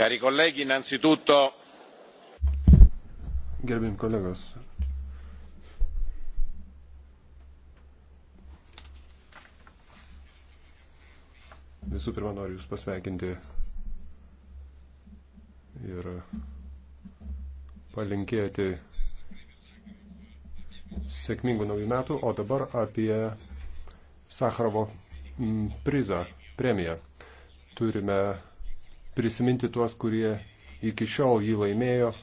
Cari colleghi, innanzitutto. Gerbim kolegos. Visų pirma, noriu Jūs pasveikinti ir palinkėti sėkmingų naujų metų, o dabar apie Sakarovo prizą, premiją. Turime prisiminti tuos, kurie iki šiol jį laimėjo